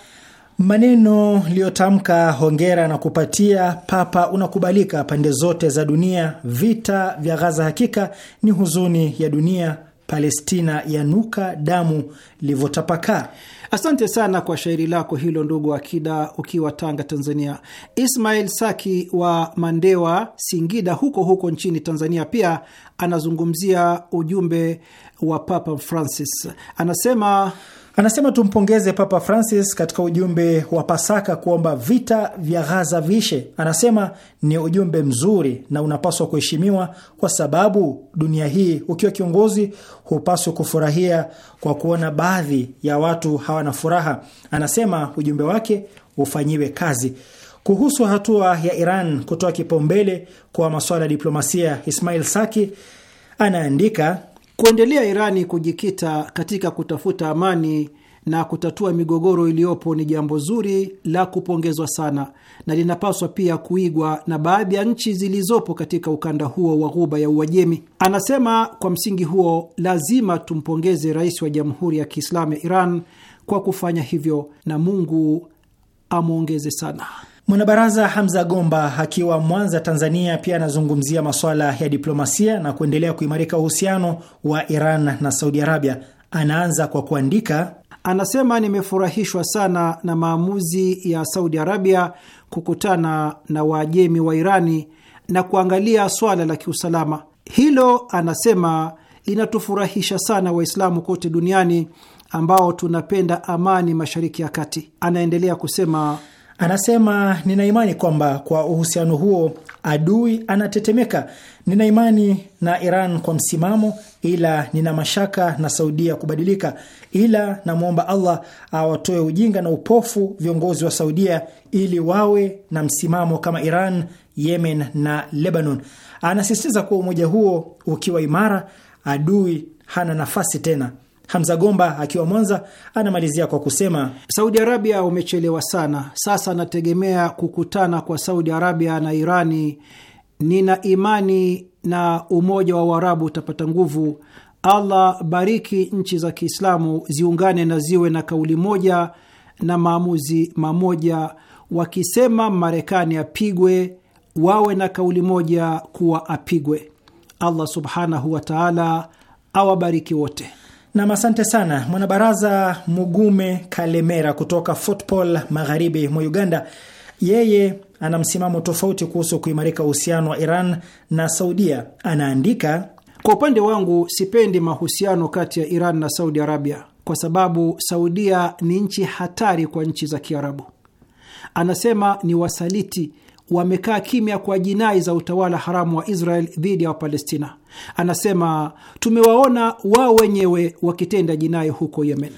maneno liyotamka hongera na kupatia Papa unakubalika pande zote za dunia. Vita vya Gaza hakika ni huzuni ya dunia. Palestina yanuka damu livyotapakaa. Asante sana kwa shairi lako hilo, ndugu Akida, ukiwa Tanga, Tanzania. Ismail Saki wa Mandewa, Singida, huko huko nchini Tanzania, pia anazungumzia ujumbe wa Papa Francis, anasema Anasema tumpongeze Papa Francis katika ujumbe wa Pasaka kuomba vita vya Ghaza vishe. Anasema ni ujumbe mzuri na unapaswa kuheshimiwa, kwa sababu dunia hii, ukiwa kiongozi, hupaswi kufurahia kwa kuona baadhi ya watu hawana furaha. Anasema ujumbe wake ufanyiwe kazi. Kuhusu hatua ya Iran kutoa kipaumbele kwa masuala ya diplomasia, Ismail Saki anaandika Kuendelea Irani kujikita katika kutafuta amani na kutatua migogoro iliyopo ni jambo zuri la kupongezwa sana na linapaswa pia kuigwa na baadhi ya nchi zilizopo katika ukanda huo wa Ghuba ya Uajemi. Anasema kwa msingi huo lazima tumpongeze rais wa Jamhuri ya Kiislamu ya Iran kwa kufanya hivyo na Mungu amwongeze sana. Mwanabaraza Hamza Gomba akiwa Mwanza, Tanzania, pia anazungumzia masuala ya diplomasia na kuendelea kuimarika uhusiano wa Iran na Saudi Arabia. Anaanza kwa kuandika, anasema nimefurahishwa sana na maamuzi ya Saudi Arabia kukutana na Waajemi wa Irani na kuangalia swala la kiusalama. Hilo, anasema, linatufurahisha sana Waislamu kote duniani ambao tunapenda amani Mashariki ya Kati. Anaendelea kusema Anasema nina imani kwamba kwa uhusiano huo adui anatetemeka. Nina imani na Iran kwa msimamo, ila nina mashaka na Saudia kubadilika, ila namwomba Allah awatoe ujinga na upofu viongozi wa Saudia ili wawe na msimamo kama Iran, Yemen na Lebanon. Anasisitiza kuwa umoja huo ukiwa imara, adui hana nafasi tena. Hamza Gomba akiwa Mwanza anamalizia kwa kusema, Saudi Arabia umechelewa sana. Sasa nategemea kukutana kwa Saudi Arabia na Irani. Nina imani na umoja wa Uarabu utapata nguvu. Allah bariki nchi za Kiislamu ziungane na ziwe na kauli moja na maamuzi mamoja. Wakisema Marekani apigwe, wawe na kauli moja kuwa apigwe. Allah subhanahu wataala awabariki wote. Nam, asante sana mwanabaraza Mugume Kalemera kutoka Fotpol magharibi mwa Uganda. Yeye ana msimamo tofauti kuhusu kuimarika uhusiano wa Iran na Saudia. Anaandika, kwa upande wangu sipendi mahusiano kati ya Iran na Saudi Arabia kwa sababu Saudia ni nchi hatari kwa nchi za Kiarabu. Anasema ni wasaliti wamekaa kimya kwa jinai za utawala haramu wa Israel dhidi ya Wapalestina. Anasema tumewaona wao wenyewe wakitenda jinai huko Yemen.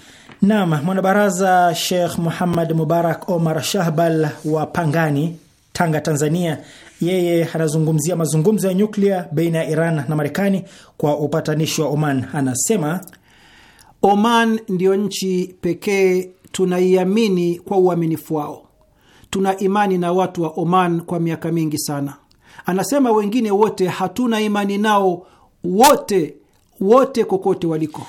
Naam, mwanabaraza Sheikh Muhammad Mubarak Omar Shahbal wa Pangani, Tanga, Tanzania, yeye anazungumzia mazungumzo ya nyuklia baina ya Iran na Marekani kwa upatanishi wa Oman. Anasema Oman ndiyo nchi pekee tunaiamini kwa uaminifu wao tuna imani na watu wa Oman kwa miaka mingi sana. Anasema wengine wote hatuna imani nao, wote wote, kokote waliko.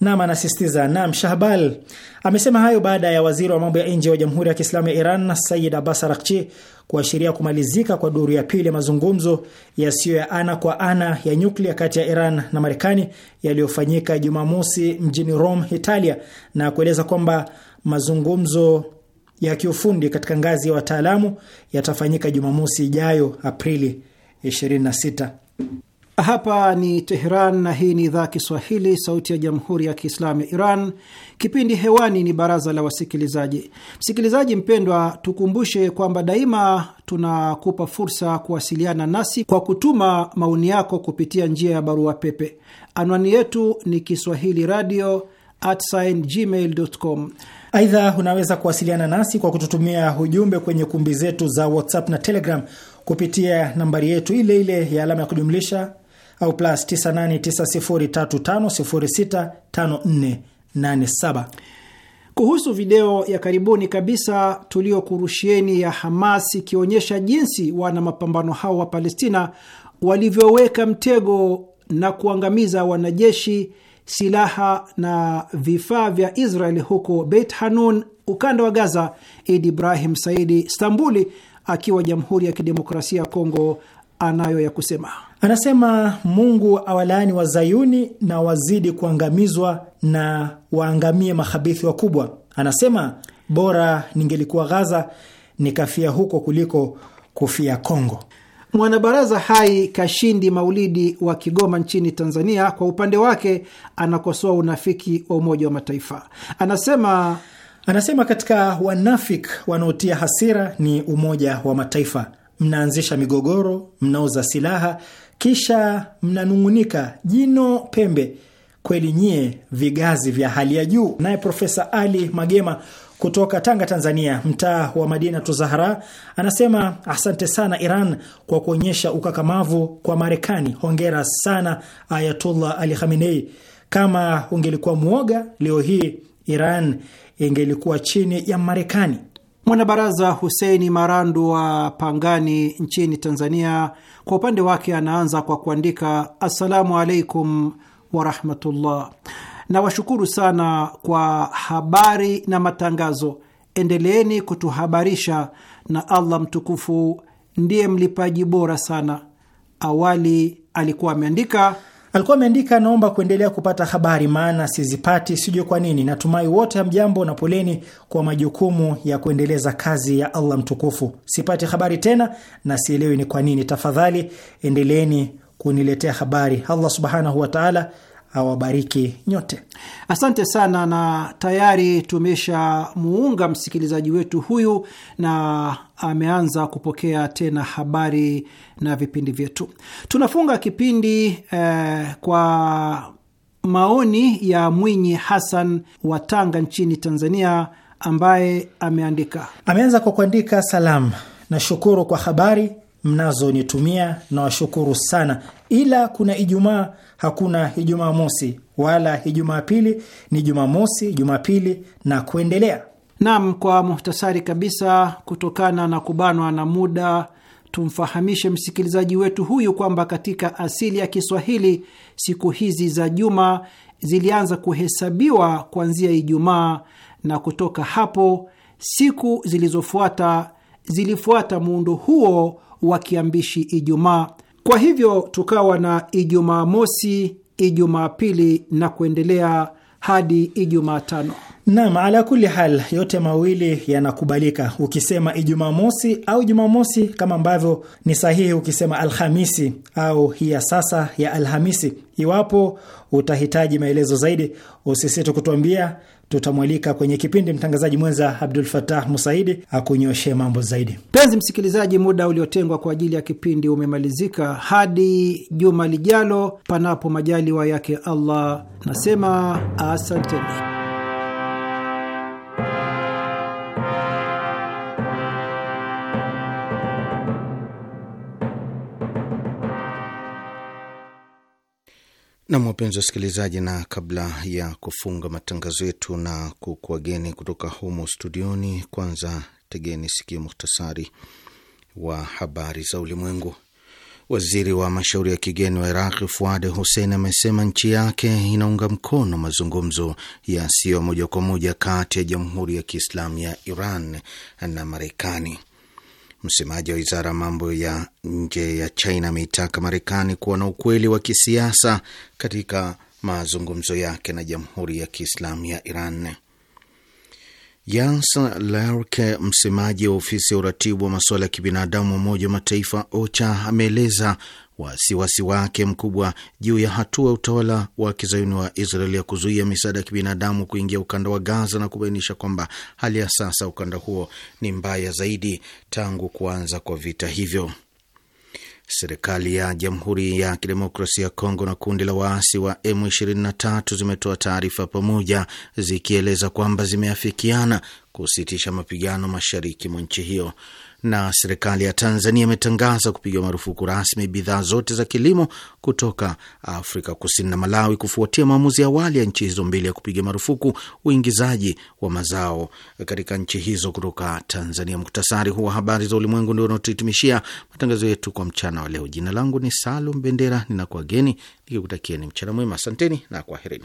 Nam anasisitiza. Nam Shahbal amesema hayo baada ya waziri wa mambo ya nje wa Jamhuri ya Kiislamu ya Iran Sayid Abbas Arakchi kuashiria kumalizika kwa duru ya pili ya mazungumzo yasiyo ya ana kwa ana ya nyuklia kati ya Iran na Marekani yaliyofanyika Jumamosi mjini Rome, Italia, na kueleza kwamba mazungumzo ya kiufundi katika ngazi ya wataalamu yatafanyika Jumamosi ijayo Aprili 26. Hapa ni Teheran na hii ni idhaa Kiswahili sauti ya jamhuri ya kiislamu ya Iran. Kipindi hewani ni baraza la wasikilizaji. Msikilizaji mpendwa, tukumbushe kwamba daima tunakupa fursa kuwasiliana nasi kwa kutuma maoni yako kupitia njia ya barua pepe. Anwani yetu ni kiswahili radio at Aidha, unaweza kuwasiliana nasi kwa kututumia ujumbe kwenye kumbi zetu za WhatsApp na Telegram kupitia nambari yetu ile ile ya alama ya kujumlisha au plus 989035065487. Kuhusu video ya karibuni kabisa tuliyokurushieni ya Hamas ikionyesha jinsi wana mapambano hao wa Palestina walivyoweka mtego na kuangamiza wanajeshi silaha na vifaa vya Israeli huko Beit Hanun, ukanda wa Gaza, Idi Ibrahim Saidi Stambuli akiwa Jamhuri ya Kidemokrasia ya Kongo anayo ya kusema. Anasema Mungu awalaani wazayuni na wazidi kuangamizwa na waangamie makhabithi wakubwa. Anasema bora ningelikuwa Gaza nikafia huko kuliko kufia Kongo. Mwanabaraza hai Kashindi Maulidi wa Kigoma nchini Tanzania, kwa upande wake anakosoa unafiki wa Umoja wa Mataifa. Anasema anasema katika wanafik wanaotia hasira ni Umoja wa Mataifa. Mnaanzisha migogoro, mnauza silaha, kisha mnanung'unika jino pembe. Kweli nyie vigazi vya hali ya juu. Naye Profesa Ali Magema kutoka Tanga, Tanzania, mtaa wa Madina Tuzahara anasema asante sana Iran kwa kuonyesha ukakamavu kwa Marekani. Hongera sana Ayatullah Ali Khamenei. Kama ungelikuwa mwoga, leo hii Iran ingelikuwa chini ya Marekani. Mwanabaraza Huseini Marandu wa Pangani nchini Tanzania, kwa upande wake anaanza kwa kuandika assalamu alaikum warahmatullah Nawashukuru sana kwa habari na matangazo. Endeleeni kutuhabarisha, na Allah mtukufu ndiye mlipaji bora sana. Awali alikuwa ameandika alikuwa ameandika, naomba kuendelea kupata habari, maana sizipati, sijui kwa nini. Natumai wote hamjambo na poleni kwa majukumu ya kuendeleza kazi ya Allah mtukufu. Sipati habari tena na sielewi ni kwa nini. Tafadhali endeleeni kuniletea habari. Allah subhanahu wataala awabariki nyote. Asante sana, na tayari tumeshamuunga msikilizaji wetu huyu na ameanza kupokea tena habari na vipindi vyetu. Tunafunga kipindi eh, kwa maoni ya Mwinyi Hassan wa Tanga nchini Tanzania, ambaye ameandika ameanza kwa kuandika salam, nashukuru kwa habari mnazonitumia na washukuru sana, ila kuna Ijumaa hakuna Ijumaa mosi wala Ijumaa pili, ni Jumamosi, Jumapili na kuendelea. Naam, kwa muhtasari kabisa, kutokana na kubanwa na muda, tumfahamishe msikilizaji wetu huyu kwamba katika asili ya Kiswahili siku hizi za juma zilianza kuhesabiwa kuanzia Ijumaa, na kutoka hapo siku zilizofuata zilifuata muundo huo wa kiambishi Ijumaa. Kwa hivyo tukawa na Ijumaa mosi, Ijumaa pili na kuendelea hadi Ijumaa tano. Naam, ala kulli hal, yote mawili yanakubalika ukisema Ijumaa mosi au mosi, kama ambavyo ni sahihi ukisema Alhamisi au hii ya sasa ya Alhamisi. Iwapo utahitaji maelezo zaidi, usisite kutuambia, tutamwalika kwenye kipindi mtangazaji mwenza Abdul Fatah Musaidi akunyoshe mambo zaidi. Mpenzi msikilizaji, muda uliotengwa kwa ajili ya kipindi umemalizika. Hadi juma lijalo, panapo majaliwa yake Allah, nasema asanteni. Nam, wapenzi wasikilizaji, na kabla ya kufunga matangazo yetu na kukuageni kutoka humo studioni, kwanza tegeni sikio muhtasari wa habari za ulimwengu. Waziri wa mashauri ya kigeni wa Iraqi Fuad Hussein amesema nchi yake inaunga mkono mazungumzo yasiyo moja kwa moja kati ya Jamhuri ya Kiislamu ya Iran na Marekani. Msemaji wa wizara ya mambo ya nje ya China ameitaka Marekani kuwa na ukweli wa kisiasa katika mazungumzo yake na Jamhuri ya Kiislamu ya Iran. Jens Laerke, msemaji wa ofisi ya uratibu wa masuala ya kibinadamu wa Umoja wa Mataifa OCHA, ameeleza wasiwasi wake mkubwa juu ya hatua ya utawala wa kizayuni wa Israel ya kuzuia misaada ya kibinadamu kuingia ukanda wa Gaza na kubainisha kwamba hali ya sasa ukanda huo ni mbaya zaidi tangu kuanza kwa vita hivyo. Serikali ya Jamhuri ya Kidemokrasia ya Kongo na kundi la waasi wa M23 zimetoa taarifa pamoja zikieleza kwamba zimeafikiana kusitisha mapigano mashariki mwa nchi hiyo na serikali ya Tanzania imetangaza kupigwa marufuku rasmi bidhaa zote za kilimo kutoka Afrika Kusini na Malawi kufuatia maamuzi awali ya nchi hizo mbili ya kupiga marufuku uingizaji wa mazao katika nchi hizo kutoka Tanzania. Muktasari huu wa habari za ulimwengu ndio unaotuhitimishia matangazo yetu kwa mchana wa leo. Jina langu ni Salum Bendera, ninakuageni nikikutakieni mchana mwema. Asanteni na kwaherini.